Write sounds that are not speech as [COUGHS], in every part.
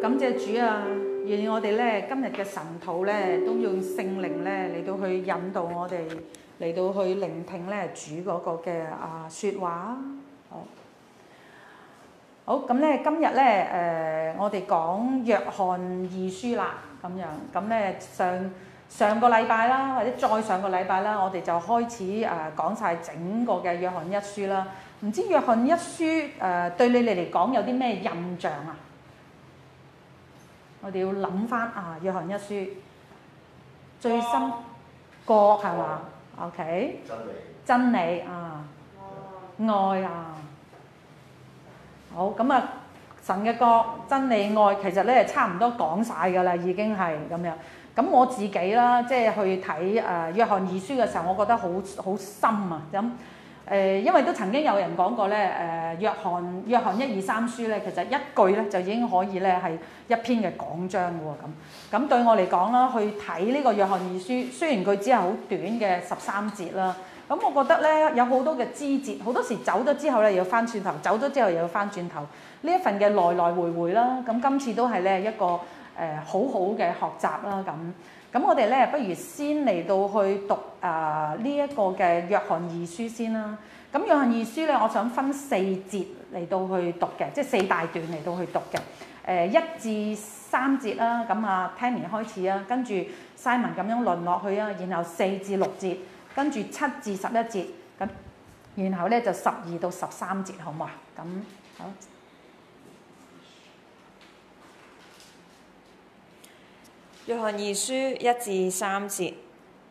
感謝主啊！願意我哋咧今日嘅晨禱咧，都用聖靈咧嚟到去引導我哋，嚟到去聆聽咧主嗰個嘅啊説話。好，好咁咧、嗯，今日咧誒，我哋講約翰二書啦。咁樣咁咧，上上個禮拜啦，或者再上個禮拜啦，我哋就開始誒講晒整個嘅約翰一書啦。唔知約翰一書誒、呃、對你哋嚟講有啲咩印象啊？我哋要諗返啊，約翰一書最深國係嘛？OK？真理，真理啊，啊愛啊，好咁啊、嗯，神嘅國、真理、愛，其實呢差唔多講晒㗎啦，已經係咁樣。咁、嗯嗯、我自己啦，即係去睇誒、呃、約翰二書嘅時候，我覺得好好深啊咁。嗯誒，因為都曾經有人講過咧，誒，約翰約翰一二三書咧，其實一句咧就已經可以咧係一篇嘅講章喎咁。咁對我嚟講啦，去睇呢個約翰二書，雖然佢只係好短嘅十三節啦，咁我覺得咧有好多嘅枝節，好多時走咗之後咧又要翻轉頭，走咗之後又要翻轉頭。呢一份嘅來來回回啦，咁今次都係咧一個誒、呃、好好嘅學習啦咁。咁我哋咧，不如先嚟到去讀啊呢、呃、一個嘅約翰二書先啦。咁約翰二書咧，我想分四節嚟到去讀嘅，即係四大段嚟到去讀嘅。誒、呃、一至三節啦、啊，咁啊 Tenny 開始啦、啊，跟住 Simon 咁樣輪落去啊，然後四至六節，跟住七至十一節，咁然後咧就十二到十三節，好唔好啊？咁好。約翰二書一至三節，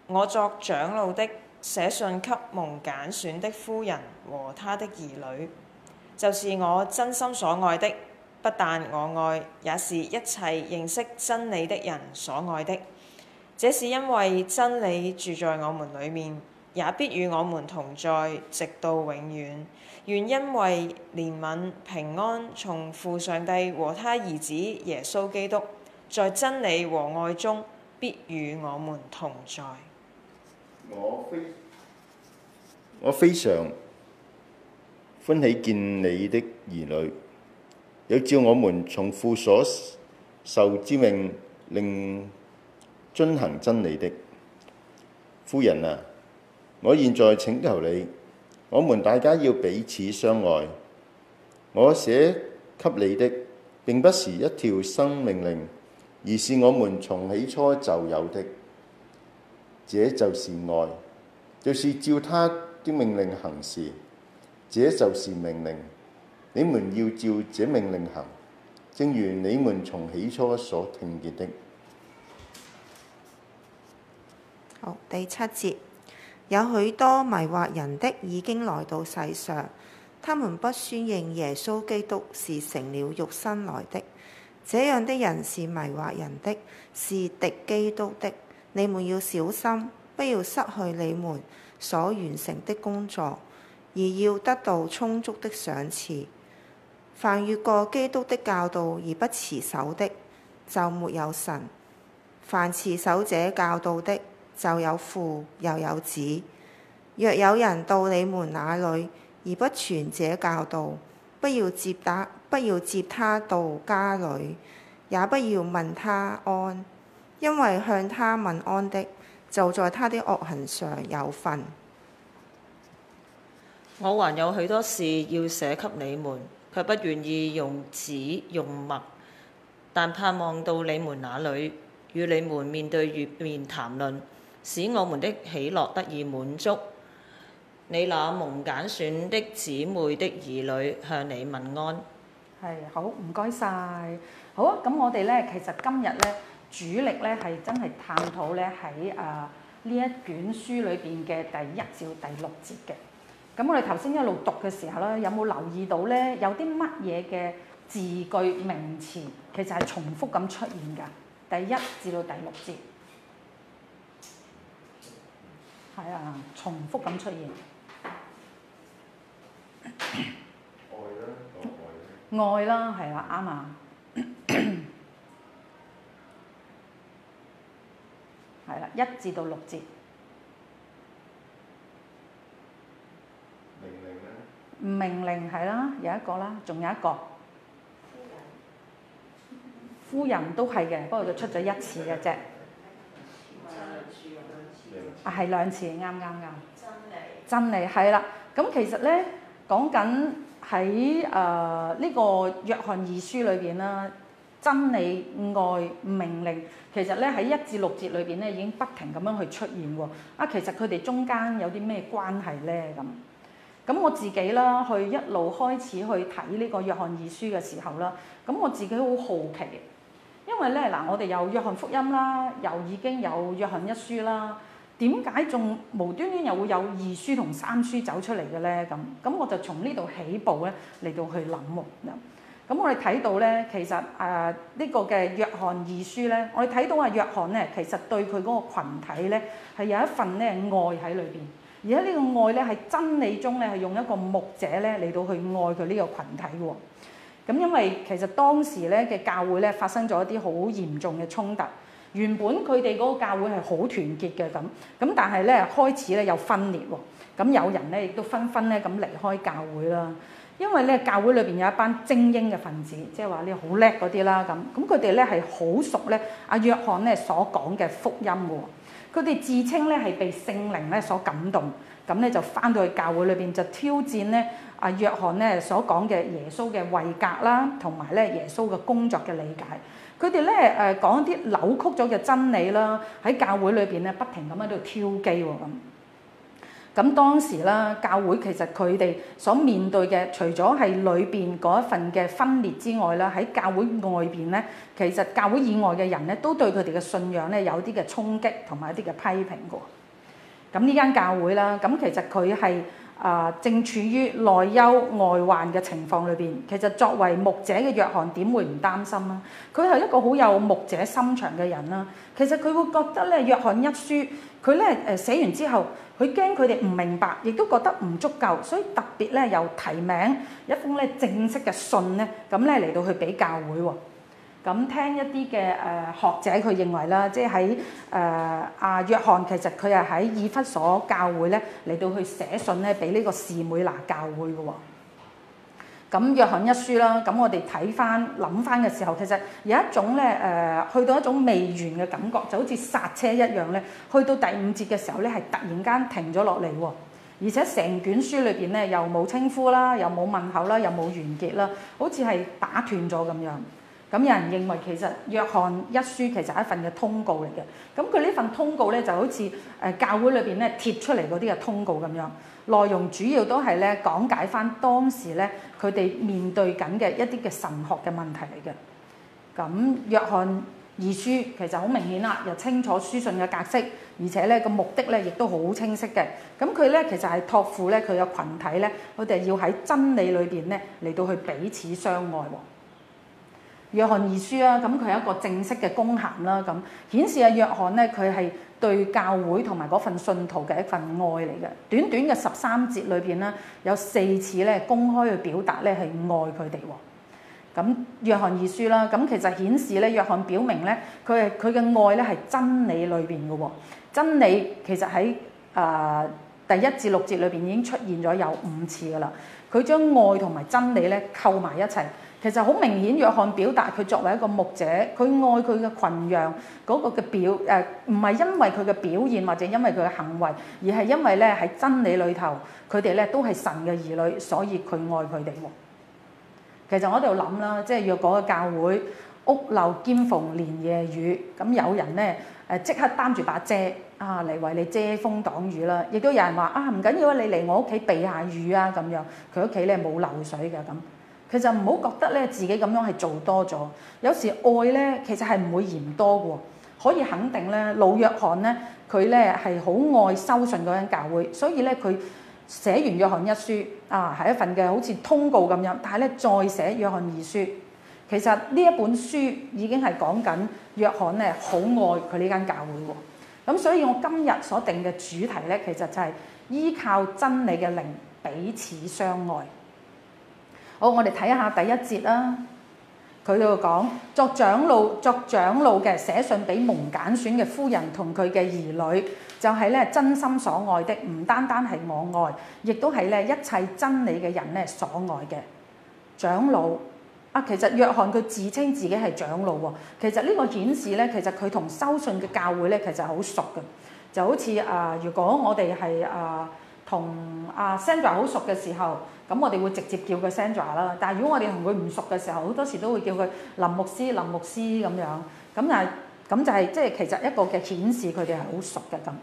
我作長老的，寫信給蒙揀選的夫人和他的兒女，就是我真心所愛的。不但我愛，也是一切認識真理的人所愛的。這是因為真理住在我們裡面，也必與我們同在，直到永遠。願因為憐憫平安，從父上帝和他兒子耶穌基督。在真理和愛中，必與我們同在。我非常歡喜見你的兒女，有照我們從父所受之命，令遵行真理的夫人啊！我現在請求你，我們大家要彼此相愛。我寫給你的並不是一條新命令。而是我們從起初就有的，這就是愛，就是照他的命令行事，這就是命令，你們要照這命令行，正如你們從起初所聽見的。好，第七節，有許多迷惑人的已經來到世上，他們不宣認耶穌基督是成了肉身來的。這樣的人是迷惑人的，是敵基督的。你們要小心，不要失去你們所完成的工作，而要得到充足的賞賜。凡越過基督的教導而不持守的，就沒有神；凡持守者教導的，就有父又有子。若有人到你們那裡而不傳這教導，不要接打。不要接他到家裏，也不要問他安，因為向他問安的就在他的惡行上有份。我還有許多事要寫給你們，却不願意用紙用墨，但盼望到你們那裡，與你們面對月面談論，使我們的喜樂得以滿足。你那蒙揀選的姊妹的兒女向你問安。係，好唔該晒。好啊！咁我哋咧其實今日咧主力咧係真係探討咧喺誒呢一卷書裏邊嘅第一至到第六節嘅。咁我哋頭先一路讀嘅時候咧，有冇留意到咧有啲乜嘢嘅字句、名詞其實係重複咁出現㗎？第一至到第六節，係啊，重複咁出現。 [COUGHS] 愛啦，係啦，啱啊，係啦， [COUGHS] 一節到六節。命令咧？命令係啦，有一個啦，仲有一個夫人，夫人都係嘅，不過佢出咗一次嘅啫。啊，係兩次，啱啱啱。真理。真理係啦，咁其實呢，講緊。喺誒呢個約翰二書裏邊啦，真理、愛、命令其實咧喺一至六節裏邊咧已經不停咁樣去出現喎。啊，其實佢哋中間有啲咩關係咧？咁咁我自己啦，去一路開始去睇呢個約翰二書嘅時候啦，咁我自己好好奇，因為咧嗱，我哋有約翰福音啦，又已經有約翰一書啦。點解仲無端端又會有二書同三書走出嚟嘅咧？咁咁我就從呢度起步咧嚟到去諗。咁我哋睇到咧，其實誒呢個嘅約翰二書咧，我哋睇到啊約翰咧，其實對佢嗰個羣體咧係有一份咧愛喺裏邊。而家呢個愛咧，係真理中咧係用一個牧者咧嚟到去愛佢呢個群體喎。咁因為其實當時咧嘅教會咧發生咗一啲好嚴重嘅衝突。原本佢哋嗰個教會係好團結嘅咁，咁但係咧開始咧有分裂喎，咁有人咧亦都紛紛咧咁離開教會啦，因為咧教會裏邊有一班精英嘅分子，即係話你好叻嗰啲啦咁，咁佢哋咧係好熟咧阿約翰咧所講嘅福音喎，佢哋自稱咧係被聖靈咧所感動。咁咧就翻到去教會裏邊就挑戰咧啊約翰咧所講嘅耶穌嘅位格啦，同埋咧耶穌嘅工作嘅理解。佢哋咧誒講啲扭曲咗嘅真理啦，喺教會裏邊咧不停咁喺度挑機喎、啊、咁。咁當時啦，教會其實佢哋所面對嘅，除咗係裏邊嗰一份嘅分裂之外啦，喺教會外邊咧，其實教會以外嘅人咧都對佢哋嘅信仰咧有啲嘅衝擊同埋一啲嘅批評嘅。咁呢間教會啦，咁其實佢係啊，正處於內憂外患嘅情況裏邊。其實作為牧者嘅約翰點會唔擔心啊？佢係一個好有牧者心腸嘅人啦。其實佢會覺得咧，約翰一書佢咧誒寫完之後，佢驚佢哋唔明白，亦都覺得唔足夠，所以特別咧又提名一封咧正式嘅信咧，咁咧嚟到去俾教會喎。咁聽一啲嘅誒學者佢認為啦，即係喺誒阿約翰其實佢係喺以弗所教會咧嚟到去寫信咧俾呢個士每拿教會嘅喎。咁、嗯、約翰一書啦，咁我哋睇翻諗翻嘅時候，其實有一種咧誒、呃、去到一種未完嘅感覺，就好似剎車一樣咧，去到第五節嘅時候咧係突然間停咗落嚟喎，而且成卷書裏邊咧又冇稱呼啦，又冇問候啦，又冇完結啦，好似係打斷咗咁樣。咁有人認為其實約翰一書其實係一份嘅通告嚟嘅，咁佢呢份通告咧就好似誒教會裏邊咧貼出嚟嗰啲嘅通告咁樣，內容主要都係咧講解返當時咧佢哋面對緊嘅一啲嘅神學嘅問題嚟嘅。咁約翰二書其實好明顯啦，又清楚書信嘅格式，而且咧個目的咧亦都好清晰嘅。咁佢咧其實係託付咧佢嘅群體咧，佢哋要喺真理裏邊咧嚟到去彼此相愛喎。約翰二書啦，咁佢係一個正式嘅公函啦，咁顯示啊約翰咧，佢係對教會同埋嗰份信徒嘅一份愛嚟嘅。短短嘅十三節裏邊咧，有四次咧公開去表達咧係愛佢哋喎。咁約翰二書啦，咁其實顯示咧約翰表明咧佢係佢嘅愛咧係真理裏邊嘅喎。真理其實喺啊。呃第一至六節裏邊已經出現咗有五次㗎喇，佢將愛同埋真理呢溝埋一齊。其實好明顯，約翰表達佢作為一個牧者，佢愛佢嘅群羊嗰個嘅表誒，唔係因為佢嘅表現或者因為佢嘅行為，而係因為呢喺真理裏頭，佢哋呢都係神嘅兒女，所以佢愛佢哋喎。其實我喺度諗啦，即係若果嗰個教會屋漏兼逢連夜雨，咁有人呢誒即刻擔住把遮。啊！嚟為你遮風擋雨啦，亦都有人話啊，唔緊要啊，你嚟我屋企避下雨啊，咁樣佢屋企咧冇漏水㗎咁。佢就唔好覺得咧自己咁樣係做多咗。有時愛咧其實係唔會嫌多嘅，可以肯定咧，老約翰咧佢咧係好愛收信嗰間教會，所以咧佢寫完約翰一書啊係一份嘅好似通告咁樣，但係咧再寫約翰二書，其實呢一本書已經係講緊約翰咧好愛佢呢間教會喎。咁所以我今日所定嘅主題呢，其實就係依靠真理嘅靈，彼此相愛。好，我哋睇下第一節啦。佢就講作長老，作長老嘅寫信俾蒙揀選嘅夫人同佢嘅兒女，就係、是、咧真心所愛的，唔單單係我愛，亦都係咧一切真理嘅人咧所愛嘅長老。啊，其實約翰佢自稱自己係長老喎，其實呢個顯示咧，其實佢同收信嘅教會咧，其實好熟嘅，就好似啊，如果我哋係啊同啊 Sandra 好熟嘅時候，咁我哋會直接叫佢 Sandra 啦，但係如果我哋同佢唔熟嘅時候，好多時都會叫佢林牧師、林牧師咁樣，咁就係咁就係即係其實一個嘅顯示，佢哋係好熟嘅咁。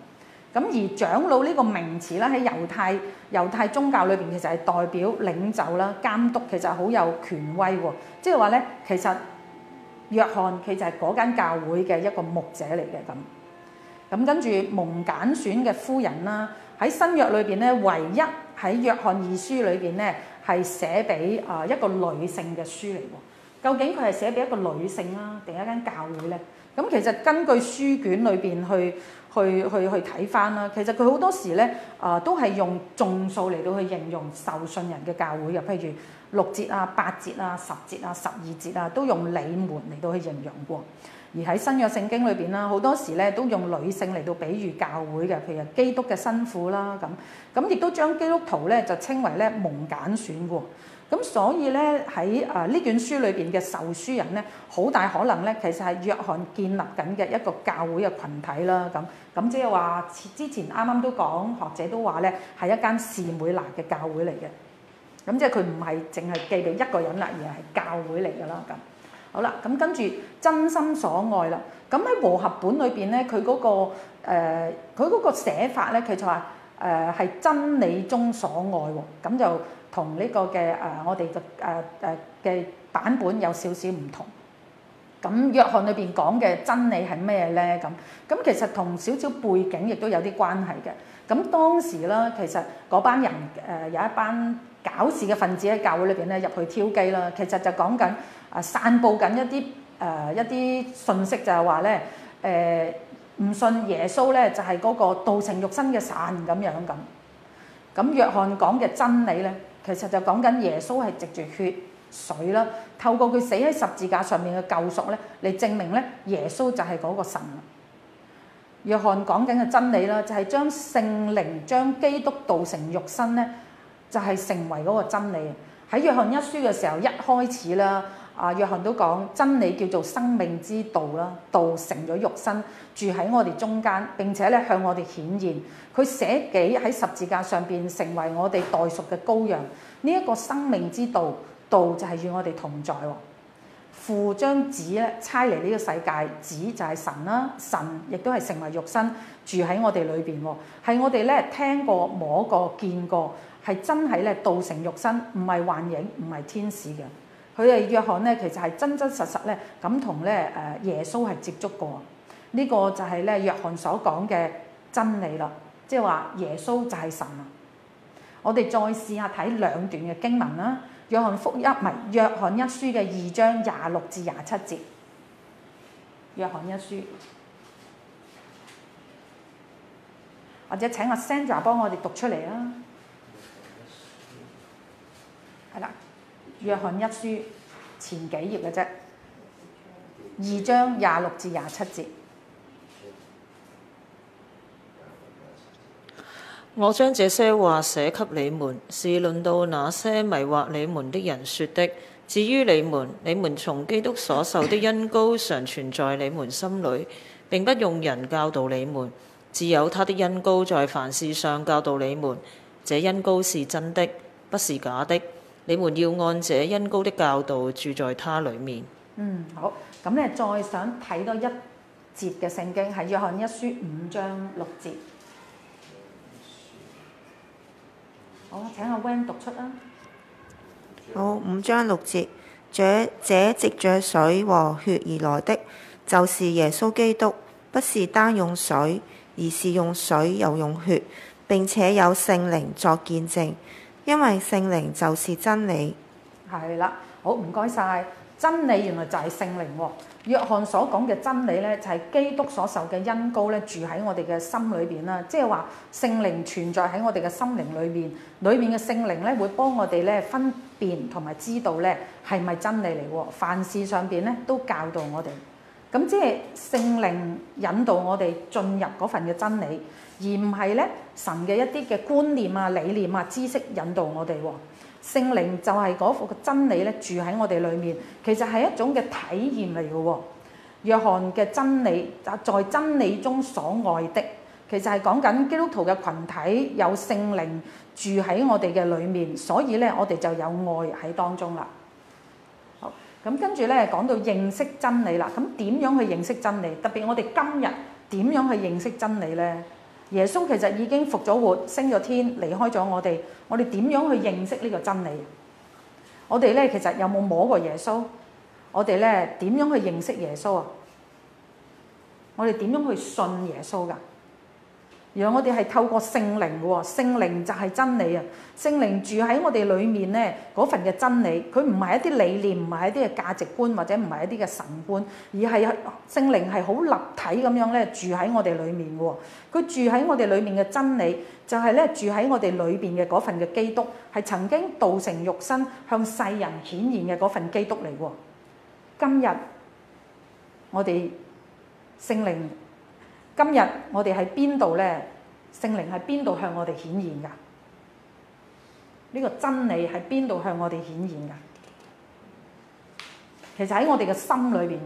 咁而長老呢個名詞咧，喺猶太猶太宗教裏邊，其實係代表領袖啦、監督，其實好有權威喎。即係話咧，其實約翰其實係嗰間教會嘅一個牧者嚟嘅咁。咁跟住蒙揀選嘅夫人啦，喺新約裏邊咧，唯一喺約翰二書裏邊咧係寫俾啊一個女性嘅書嚟喎。究竟佢係寫俾一個女性啦，定一間教會咧？咁其實根據書卷裏邊去去去去睇翻啦，其實佢好多時咧，啊、呃、都係用眾數嚟到去形容受信人嘅教會嘅，譬如六節啊、八節啊、十節啊、十二節啊，都用你們嚟到去形容過。而喺新約聖經裏邊啦，好多時咧都用女性嚟到比喻教會嘅，譬如基督嘅新婦啦咁，咁亦都將基督徒咧就稱為咧蒙揀選嘅。咁所以咧喺啊呢、呃、卷書裏邊嘅受書人咧，好大可能咧，其實係約翰建立緊嘅一個教會嘅群體啦。咁咁即係話之前啱啱都講，學者都話咧係一間士每拿嘅教會嚟嘅。咁即係佢唔係淨係寄俾一個人啦，而係教會嚟㗎啦。咁好啦，咁跟住真心所愛啦。咁喺和合本裏邊咧，佢嗰、嗰個佢嗰、呃、個寫法咧，佢就話誒係真理中所愛喎。咁就同呢個嘅誒、啊，我哋嘅誒誒嘅版本有少少唔同。咁約翰裏邊講嘅真理係咩咧？咁咁其實同少少背景亦都有啲關係嘅。咁當時咧，其實嗰班人誒、呃、有一班搞事嘅分子喺教會裏邊咧入去挑機啦。其實就講緊誒散佈緊一啲誒、呃、一啲信息就，就係話咧誒唔信耶穌咧，就係、是、嗰個道成肉身嘅神咁樣咁。咁約翰講嘅真理咧？其實就講緊耶穌係藉住血水啦，透過佢死喺十字架上面嘅救贖咧，嚟證明咧耶穌就係嗰個神。約翰講緊嘅真理啦，就係將聖靈將基督道成肉身咧，就係成為嗰個真理。喺約翰一書嘅時候一開始啦。啊，約翰都講真理叫做生命之道啦，道成咗肉身住喺我哋中間，並且咧向我哋顯現。佢捨己喺十字架上邊成為我哋代贖嘅羔羊。呢、這、一個生命之道，道就係與我哋同在。父將子咧差嚟呢猜個世界，子就係神啦、啊，神亦都係成為肉身住喺我哋裏邊，係我哋咧聽過、摸過、見過，係真係咧道成肉身，唔係幻影，唔係天使嘅。佢係約翰呢，其實係真真實實呢。咁同呢誒耶穌係接觸過。呢個就係呢約翰所講嘅真理啦，即係話耶穌就係神啊！我哋再試下睇兩段嘅經文啦，《約翰福音》唔係《約翰一書》嘅二章廿六至廿七節，《約翰一書》或者請阿 Sandra 幫我哋讀出嚟啦，係啦。約翰一書前幾頁嘅啫，二章廿六至廿七節。我將這些話寫給你們，是論到那些迷惑你們的人說的。至於你們，你們從基督所受的恩膏常存在你們心裡，並不用人教導你們，自有他的恩膏在凡事上教導你們。這恩膏是真的，不是假的。你們要按這恩膏的教導住在他裏面。嗯，好。咁你再想睇多一節嘅聖經，係約翰一書五章六節。好，請阿、啊、Van 讀出啊。好，五章六節，這這藉著水和血而來的，就是耶穌基督，不是單用水，而是用水又用血，並且有聖靈作見證。因為聖靈就是真理，係啦，好唔該晒。真理原來就係聖靈喎。約翰所講嘅真理咧，就係基督所受嘅恩膏咧，住喺我哋嘅心裏邊啦。即係話聖靈存在喺我哋嘅心靈裏面，裏面嘅聖靈咧會幫我哋咧分辨同埋知道咧係咪真理嚟喎。凡事上面咧都教導我哋，咁即係聖靈引導我哋進入嗰份嘅真理，而唔係咧。神嘅一啲嘅觀念啊、理念啊、知識引導我哋喎、啊，聖靈就係嗰幅嘅真理咧住喺我哋裏面，其實係一種嘅體驗嚟嘅喎。約翰嘅真理就係在真理中所愛的，其實係講緊基督徒嘅群體有聖靈住喺我哋嘅裏面，所以咧我哋就有愛喺當中啦。好，咁跟住咧講到認識真理啦，咁點樣去認識真理？特別我哋今日點樣去認識真理咧？耶穌其實已經復咗活，升咗天，離開咗我哋。我哋點樣去認識呢個真理？我哋呢其實有冇摸過耶穌？我哋呢點樣去認識耶穌啊？我哋點樣去信耶穌噶？如果我哋係透過聖靈喎，聖靈就係真理啊！聖靈住喺我哋裏面呢，嗰份嘅真理，佢唔係一啲理念，唔係一啲嘅價值觀，或者唔係一啲嘅神觀，而係聖靈係好立體咁樣咧住喺我哋裏面嘅喎。佢住喺我哋裏面嘅真理，就係咧住喺我哋裏邊嘅嗰份嘅基督，係曾經道成肉身向世人顯現嘅嗰份基督嚟嘅。今日我哋聖靈。今日我哋喺邊度呢？聖靈喺邊度向我哋顯現噶？呢個真理喺邊度向我哋顯現噶？其實喺我哋嘅心裏邊喎，心裏面，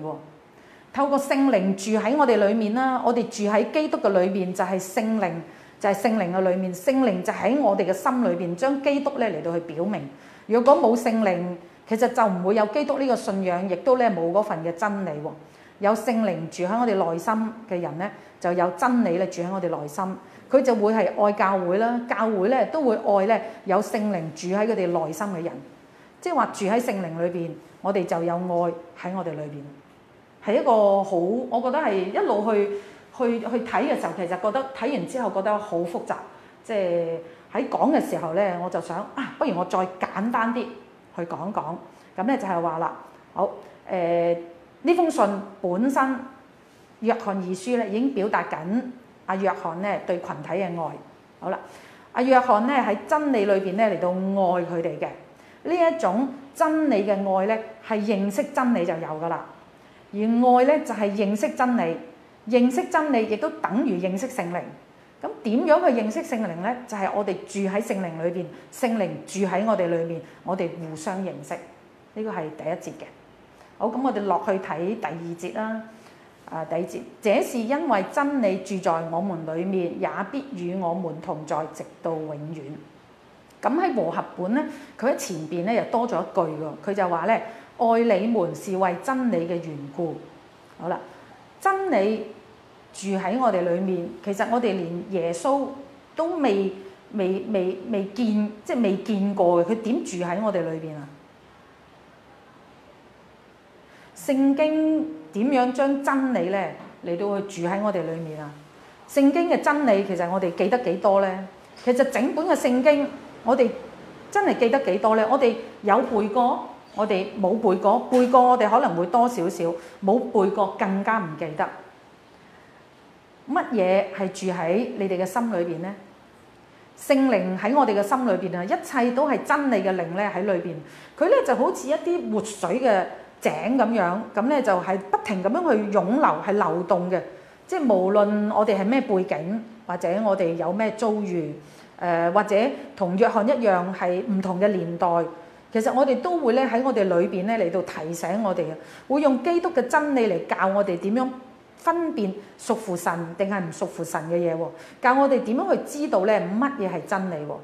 透過聖靈住喺我哋裏面啦，我哋住喺基督嘅裏面就係聖靈，就係聖靈嘅裏面，聖靈就喺我哋嘅心裏邊將基督呢嚟，到去表明。如果冇聖靈，其實就唔會有基督呢個信仰，亦都呢冇嗰份嘅真理。有聖靈住喺我哋內心嘅人呢，就有真理咧住喺我哋內心，佢就會係愛教會啦，教會咧都會愛咧有聖靈住喺佢哋內心嘅人，即係話住喺聖靈裏邊，我哋就有愛喺我哋裏邊，係一個好，我覺得係一路去去去睇嘅時候，其實覺得睇完之後覺得好複雜，即係喺講嘅時候咧，我就想啊，不如我再簡單啲去講講，咁咧就係話啦，好，誒，呃，呢封信本身。約翰二書咧已經表達緊阿約翰咧對羣體嘅愛，好啦，阿約翰咧喺真理裏邊咧嚟到愛佢哋嘅呢一種真理嘅愛咧係認識真理就有㗎喇，而愛咧就係認識真理，認識真理亦都等於認識聖靈。咁點樣去認識聖靈咧？就係我哋住喺聖靈裏邊，聖靈住喺我哋裏面，我哋互相認識。呢個係第一節嘅。好，咁我哋落去睇第二節啦。啊！抵這是因為真理住在我們裡面，也必與我們同在，直到永遠。咁喺和合本咧，佢喺前邊咧又多咗一句喎，佢就話咧：愛你們是為真理嘅緣故。好啦，真理住喺我哋裡面，其實我哋連耶穌都未、未、未、未見，即係未見過嘅，佢點住喺我哋裏面啊？聖經。點樣將真理呢嚟到去住喺我哋裏面啊？聖經嘅真理其實我哋記得幾多呢？其實整本嘅聖經我哋真係記得幾多呢？我哋有背過，我哋冇背過。背過我哋可能會多少少，冇背過更加唔記得。乜嘢係住喺你哋嘅心裏邊呢？聖靈喺我哋嘅心裏邊啊，一切都係真理嘅靈呢喺裏邊。佢呢就好似一啲活水嘅。井咁樣，咁咧就係不停咁樣去湧流，係流動嘅。即係無論我哋係咩背景，或者我哋有咩遭遇，誒、呃、或者同約翰一樣係唔同嘅年代，其實我哋都會咧喺我哋裏邊咧嚟到提醒我哋啊，會用基督嘅真理嚟教我哋點樣分辨屬乎神定係唔屬乎神嘅嘢喎，教我哋點樣去知道咧乜嘢係真理喎。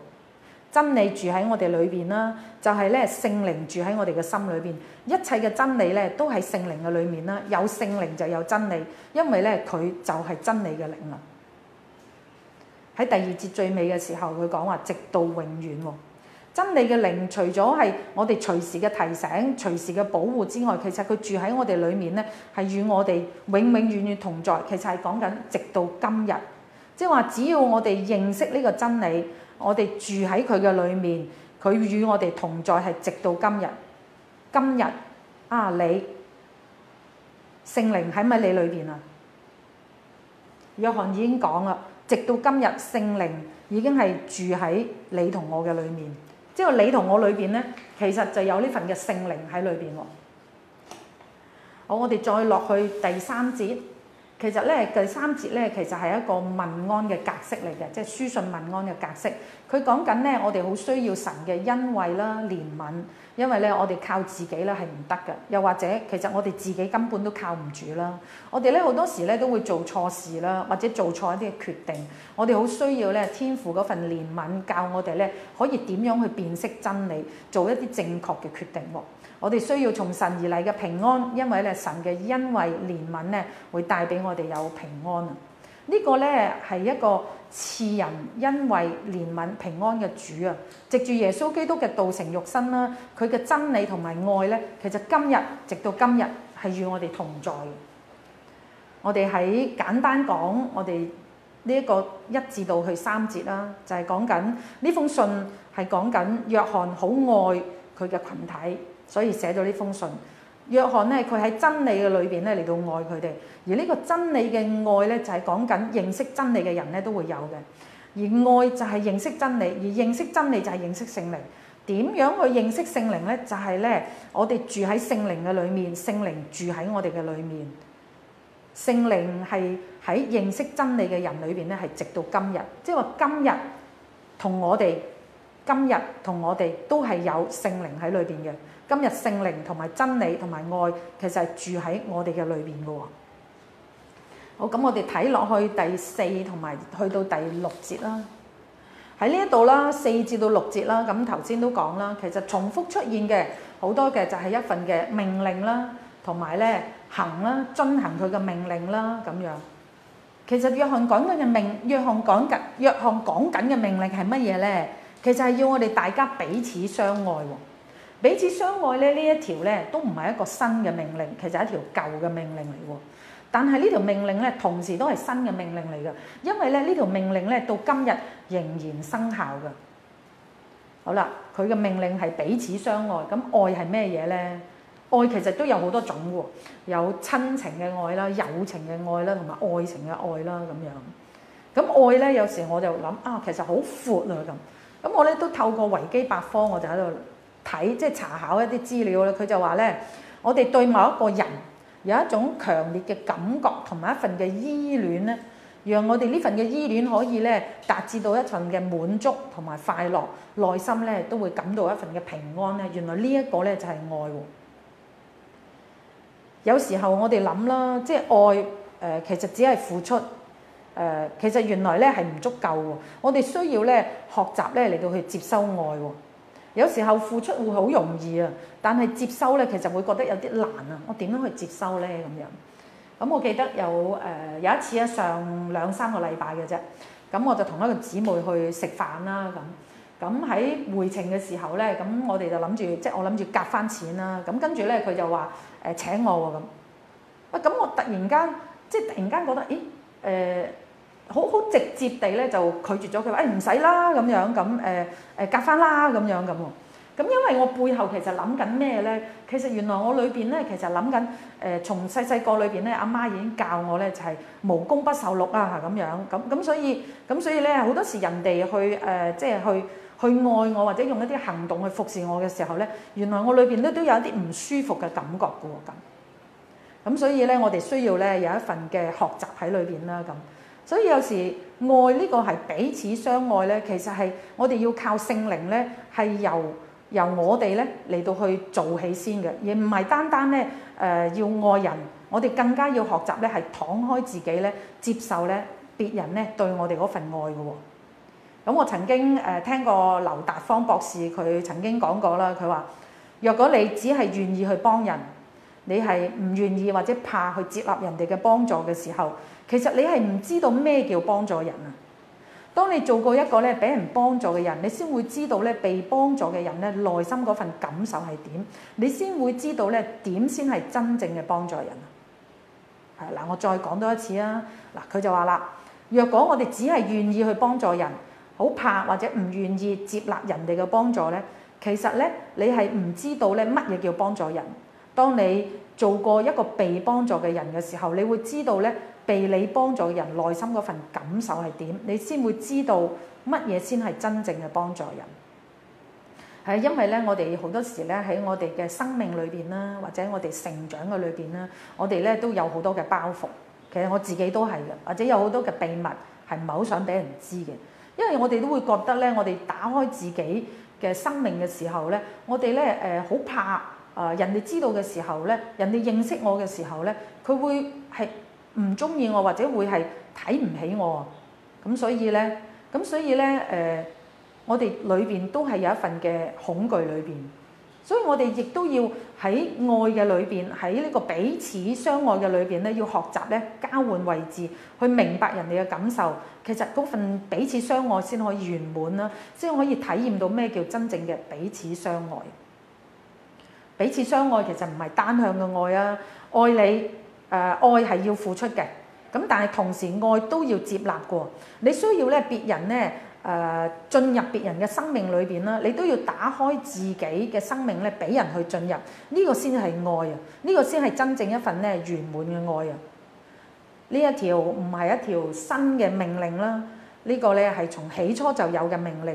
真理住喺我哋裏邊啦，就係咧聖靈住喺我哋嘅心裏邊，一切嘅真理咧都係聖靈嘅裏面啦。有聖靈就有真理，因為咧佢就係真理嘅靈啦。喺第二節最尾嘅時候，佢講話直到永遠。真理嘅靈除咗係我哋隨時嘅提醒、隨時嘅保護之外，其實佢住喺我哋裏面咧，係與我哋永永遠遠同在。其實係講緊直到今日，即係話只要我哋認識呢個真理。我哋住喺佢嘅裏面，佢與我哋同在，係直到今日。今日啊，你聖靈喺唔喺你裏邊啊？約翰已經講啦，直到今日聖靈已經係住喺你同我嘅裏面，即係你同我裏邊呢，其實就有呢份嘅聖靈喺裏邊。好，我哋再落去第三節。其實咧，第三節咧，其實係一個問安嘅格式嚟嘅，即係書信問安嘅格式。佢講緊咧，我哋好需要神嘅恩惠啦、憐憫，因為咧，我哋靠自己咧係唔得嘅。又或者，其實我哋自己根本都靠唔住啦。我哋咧好多時咧都會做錯事啦，或者做錯一啲決定。我哋好需要咧天父嗰份憐憫，教我哋咧可以點樣去辨識真理，做一啲正確嘅決定喎。我哋需要從神而嚟嘅平安，因為咧神嘅恩惠、憐憫咧會帶俾我哋有平安啊！這個、呢個咧係一個賜人恩惠、憐憫平安嘅主啊！藉住耶穌基督嘅道成肉身啦、啊，佢嘅真理同埋愛咧，其實今日直到今日係與我哋同在。我哋喺簡單講，我哋呢一個一至到去三節啦、啊，就係講緊呢封信係講緊約翰好愛佢嘅群體，所以寫咗呢封信。約翰呢，佢喺真理嘅裏邊呢嚟到愛佢哋。而呢個真理嘅愛呢，就係講緊認識真理嘅人呢都會有嘅。而愛就係認識真理，而認識真理就係認識聖靈。點樣去認識聖靈呢？就係呢，我哋住喺聖靈嘅裏面，聖靈住喺我哋嘅裏面。聖靈係喺認識真理嘅人裏邊呢，係直到今日，即係話今日同我哋今日同我哋都係有聖靈喺裏邊嘅。今日聖靈同埋真理同埋愛，其實係住喺我哋嘅裏邊嘅喎。好，咁我哋睇落去第四同埋去到第六節啦。喺呢一度啦，四節到六節啦，咁頭先都講啦，其實重複出現嘅好多嘅就係一份嘅命令啦，同埋咧行啦，遵行佢嘅命令啦咁樣。其實約翰講緊嘅命，約翰講緊，約翰講緊嘅命令係乜嘢咧？其實係要我哋大家彼此相愛喎。彼此相愛咧，呢一條咧都唔係一個新嘅命令，其實係一條舊嘅命令嚟喎。但係呢條命令咧，同時都係新嘅命令嚟嘅，因為咧呢條命令咧到今日仍然生效嘅。好啦，佢嘅命令係彼此相愛，咁愛係咩嘢咧？愛其實都有好多種喎，有親情嘅愛啦、友情嘅愛啦、同埋愛情嘅愛啦咁樣。咁愛咧，有時我就諗啊，其實好闊啊咁。咁我咧都透過維基百科，我就喺度。睇即係查考一啲資料咧，佢就話咧，我哋對某一個人有一種強烈嘅感覺同埋一份嘅依戀咧，讓我哋呢份嘅依戀可以咧達至到一份嘅滿足同埋快樂，內心咧都會感到一份嘅平安咧。原來呢一個咧就係愛。有時候我哋諗啦，即係愛誒、呃，其實只係付出誒、呃，其實原來咧係唔足夠喎。我哋需要咧學習咧嚟到去接收愛喎。有時候付出會好容易啊，但係接收咧其實會覺得有啲難啊，我點樣去接收咧咁樣？咁我記得有誒、呃、有一次啊，上兩三個禮拜嘅啫，咁我就同一個姊妹去食飯啦咁。咁喺回程嘅時候咧，咁我哋就諗住即係我諗住夾翻錢啦。咁跟住咧佢就話誒、呃、請我喎咁。喂，咁我突然間即係突然間覺得，咦誒？呃好好直接地咧就拒絕咗佢話，誒唔使啦咁樣，咁誒誒夾翻啦咁樣咁喎。咁因為我背後其實諗緊咩咧？其實原來我裏邊咧，其實諗緊誒從細細個裏邊咧，阿媽已經教我咧就係無功不受祿啊咁樣。咁咁所以咁所以咧好多時人哋去誒即係去去愛我或者用一啲行動去服侍我嘅時候咧，原來我裏邊都都有一啲唔舒服嘅感覺嘅喎咁。咁所以咧，我哋需要咧有一份嘅學習喺裏邊啦咁。所以有時愛呢個係彼此相愛呢，其實係我哋要靠聖靈呢，係由由我哋呢嚟到去做起先嘅，而唔係單單呢誒、呃、要愛人。我哋更加要學習呢，係敞開自己呢，接受呢，別人呢對我哋嗰份愛嘅喎、哦。咁我曾經誒、呃、聽過劉達芳博士，佢曾經講過啦，佢話：若果你只係願意去幫人。你係唔願意或者怕去接納人哋嘅幫助嘅時候，其實你係唔知道咩叫幫助人啊！當你做過一個咧俾人幫助嘅人，你先會知道咧被幫助嘅人咧內心嗰份感受係點，你先會知道咧點先係真正嘅幫助人啊！係嗱，我再講多一次啊！嗱，佢就話啦：若果我哋只係願意去幫助人，好怕或者唔願意接納人哋嘅幫助咧，其實咧你係唔知道咧乜嘢叫幫助人。當你做過一個被幫助嘅人嘅時候，你會知道呢，被你幫助嘅人內心嗰份感受係點，你先會知道乜嘢先係真正嘅幫助人。係因為呢，我哋好多時呢，喺我哋嘅生命裏邊啦，或者我哋成長嘅裏邊啦，我哋呢都有好多嘅包袱。其實我自己都係嘅，或者有好多嘅秘密係唔係好想俾人知嘅。因為我哋都會覺得呢，我哋打開自己嘅生命嘅時候呢，我哋呢，誒好怕。啊！人哋知道嘅時候呢，人哋認識我嘅時候呢，佢會係唔中意我，或者會係睇唔起我。咁所以呢，咁所以呢，誒、呃，我哋裏邊都係有一份嘅恐懼裏邊。所以我哋亦都要喺愛嘅裏邊，喺呢個彼此相愛嘅裏邊呢，要學習呢，交換位置，去明白人哋嘅感受。其實嗰份彼此相愛先可以圓滿啦，先可以體驗到咩叫真正嘅彼此相愛。彼此相愛其實唔係單向嘅愛啊，愛你，誒、呃、愛係要付出嘅，咁但係同時愛都要接納過。你需要咧，別人呢，誒、呃、進入別人嘅生命裏面啦，你都要打開自己嘅生命咧，俾人去進入，呢個先係愛啊，呢個先係真正一份咧圓滿嘅愛啊。呢一條唔係一條新嘅命令啦，呢個咧係從起初就有嘅命令。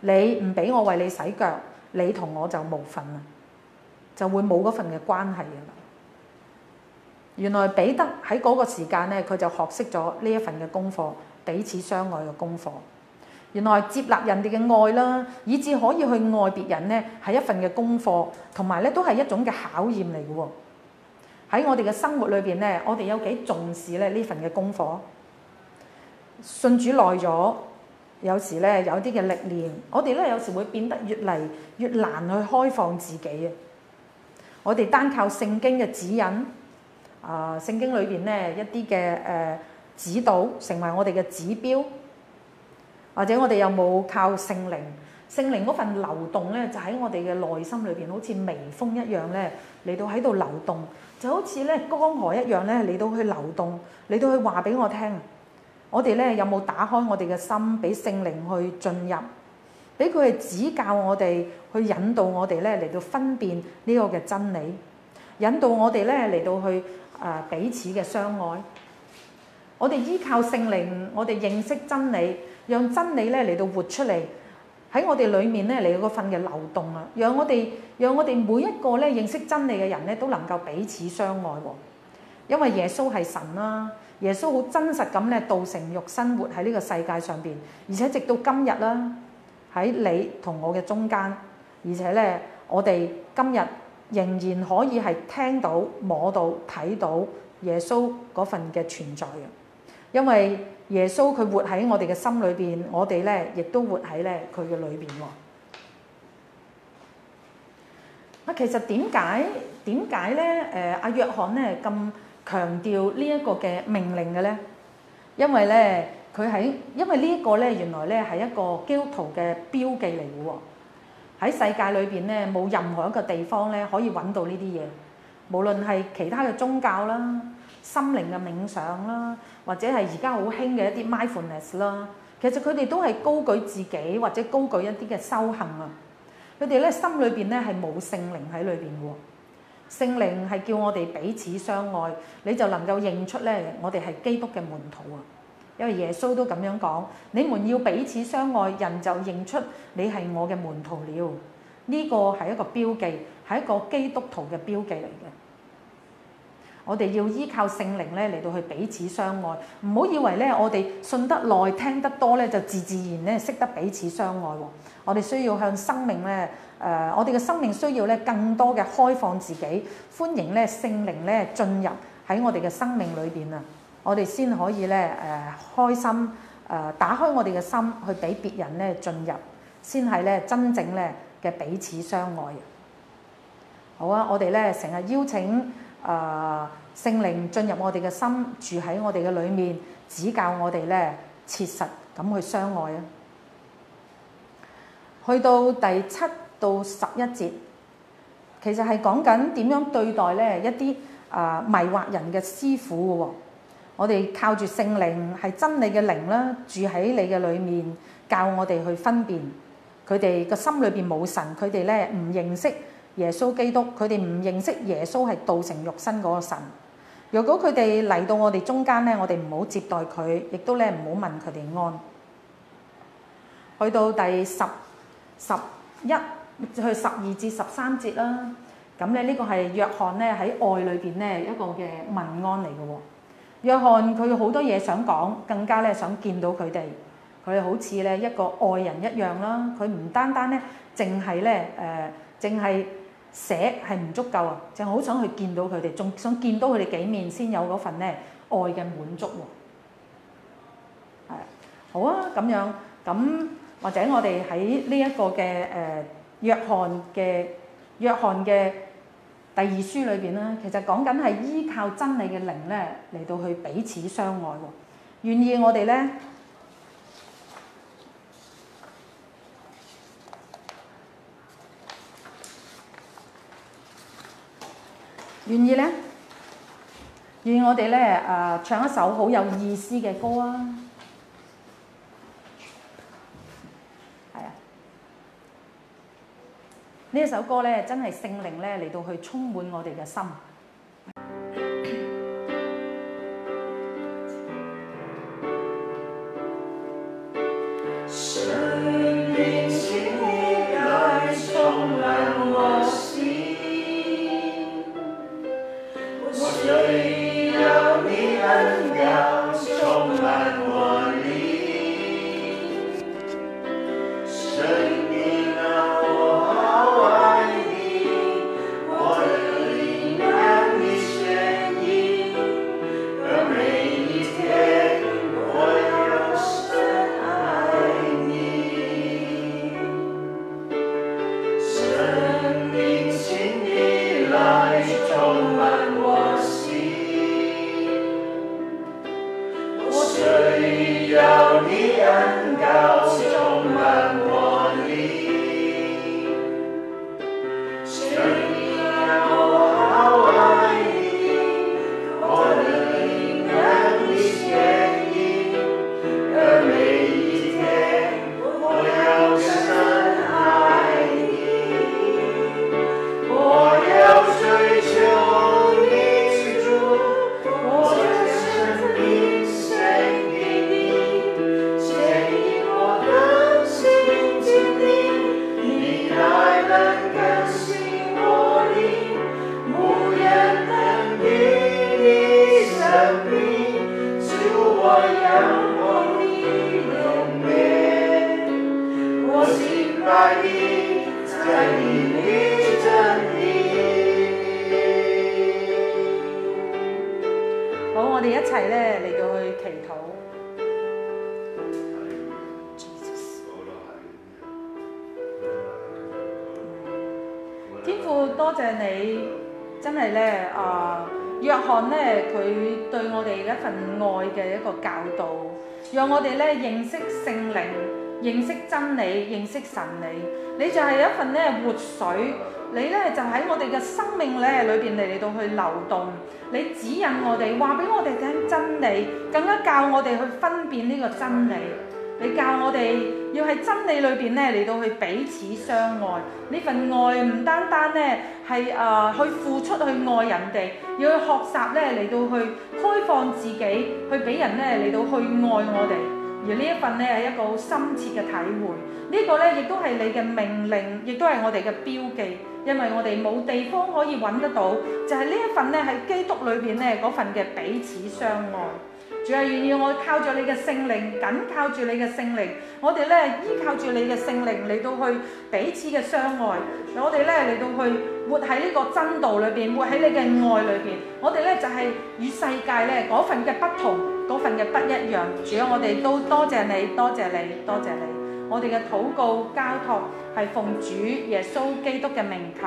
你唔俾我為你洗腳，你同我就冇份啦，就會冇嗰份嘅關係嘅啦。原來彼得喺嗰個時間咧，佢就學識咗呢一份嘅功課，彼此相愛嘅功課。原來接納人哋嘅愛啦，以至可以去愛別人呢，係一份嘅功課，同埋呢都係一種嘅考驗嚟嘅喎。喺我哋嘅生活裏邊呢，我哋有幾重視咧呢份嘅功課？信主耐咗。有時咧，有啲嘅歷練，我哋咧有時會變得越嚟越難去開放自己啊！我哋單靠聖經嘅指引，啊、呃、聖經裏邊呢，一啲嘅誒指導成為我哋嘅指標，或者我哋有冇靠聖靈？聖靈嗰份流動呢，就喺我哋嘅內心裏邊，好似微風一樣呢，嚟到喺度流動，就好似呢江河一樣呢，嚟到去流動，嚟到去話俾我聽。我哋咧有冇打開我哋嘅心，俾聖靈去進入，俾佢去指教我哋，去引導我哋咧嚟到分辨呢個嘅真理，引導我哋咧嚟到去誒、呃、彼此嘅相愛。我哋依靠聖靈，我哋認識真理，讓真理咧嚟到活出嚟喺我哋裏面咧嚟到嗰份嘅流動啊！讓我哋讓我哋每一個咧認識真理嘅人咧都能夠彼此相愛喎，因為耶穌係神啦、啊。耶穌好真實咁咧，道成肉生活喺呢個世界上邊，而且直到今日啦，喺你同我嘅中間，而且咧，我哋今日仍然可以係聽到、摸到、睇到耶穌嗰份嘅存在嘅，因為耶穌佢活喺我哋嘅心裏邊，我哋咧亦都活喺咧佢嘅裏邊喎。啊，其實點解點解咧？誒，阿約翰咧咁？強調呢一個嘅命令嘅咧，因為咧佢喺，因為呢一個咧原來咧係一個基督徒嘅標記嚟嘅喎，喺世界裏邊咧冇任何一個地方咧可以揾到呢啲嘢，無論係其他嘅宗教啦、心靈嘅冥想啦，或者係而家好興嘅一啲 mindfulness 啦，其實佢哋都係高舉自己或者高舉一啲嘅修行啊，佢哋咧心裏邊咧係冇聖靈喺裏邊嘅喎。聖靈係叫我哋彼此相愛，你就能夠認出咧，我哋係基督嘅門徒啊！因為耶穌都咁樣講：「你們要彼此相愛，人就認出你係我嘅門徒了。」呢個係一個標記，係一個基督徒嘅標記嚟嘅。我哋要依靠聖靈咧嚟到去彼此相愛，唔好以為咧我哋信得耐、聽得多咧就自自然咧識得彼此相愛喎。我哋需要向生命咧。誒、呃，我哋嘅生命需要咧更多嘅開放自己，歡迎咧聖靈咧進入喺我哋嘅生命裏邊啊！我哋先可以咧誒、呃、開心誒、呃、打開我哋嘅心去俾別人咧進入，先係咧真正咧嘅彼此相愛。好啊！我哋咧成日邀請誒聖靈進入我哋嘅心，住喺我哋嘅裏面，指教我哋咧切實咁去相愛啊！去到第七。到十一節，其實係講緊點樣對待咧一啲啊迷惑人嘅師傅嘅喎。我哋靠住聖靈係真理嘅靈啦，住喺你嘅裏面，教我哋去分辨。佢哋個心裏邊冇神，佢哋咧唔認識耶穌基督，佢哋唔認識耶穌係道成肉身嗰個神。若果佢哋嚟到我哋中間咧，我哋唔好接待佢，亦都咧唔好問佢哋安。去到第十十一。去十二至十三節啦，咁咧呢個係約翰咧喺愛裏邊咧一個嘅問安嚟嘅喎。約翰佢好多嘢想講，更加咧想見到佢哋，佢好似咧一個愛人一樣啦。佢唔單單咧，淨係咧誒，淨係寫係唔足夠啊，淨係好想去見到佢哋，仲想見到佢哋幾面先有嗰份咧愛嘅滿足喎。係啊，好啊，咁樣咁或者我哋喺呢一個嘅誒。約翰嘅約翰嘅第二書裏邊呢，其實講緊係依靠真理嘅靈咧，嚟到去彼此相愛喎。願意我哋呢？願意咧，願意我哋呢？誒、呃、唱一首好有意思嘅歌啊！呢一首歌咧，真係聖靈咧嚟到去充滿我哋嘅心。識真理，你就係一份咧活水，你咧就喺我哋嘅生命咧裏邊嚟嚟到去流動，你指引我哋，話俾我哋聽真理，更加教我哋去分辨呢個真理，你教我哋要喺真理裏邊咧嚟到去彼此相愛，呢份愛唔單單咧係誒去付出去愛人哋，要去學習咧嚟到去開放自己，去俾人咧嚟到去愛我哋。而呢一份呢，係一個深切嘅體會，呢、呢個呢，亦都係你嘅命令，亦都係我哋嘅標記，因為我哋冇地方可以揾得到，就係呢一份呢，喺基督裏邊呢，嗰份嘅彼此相愛。仲係願意我靠住你嘅聖靈，緊靠住你嘅聖靈，我哋呢，依靠住你嘅聖靈嚟到去彼此嘅相愛。我哋呢，嚟到去活喺呢個真道裏邊，活喺你嘅愛裏邊。我哋呢，就係、是、與世界呢，嗰份嘅不同。嗰份嘅不一樣，主啊！我哋都多謝你，多謝你，多謝你。我哋嘅禱告交托係奉主耶穌基督嘅名求。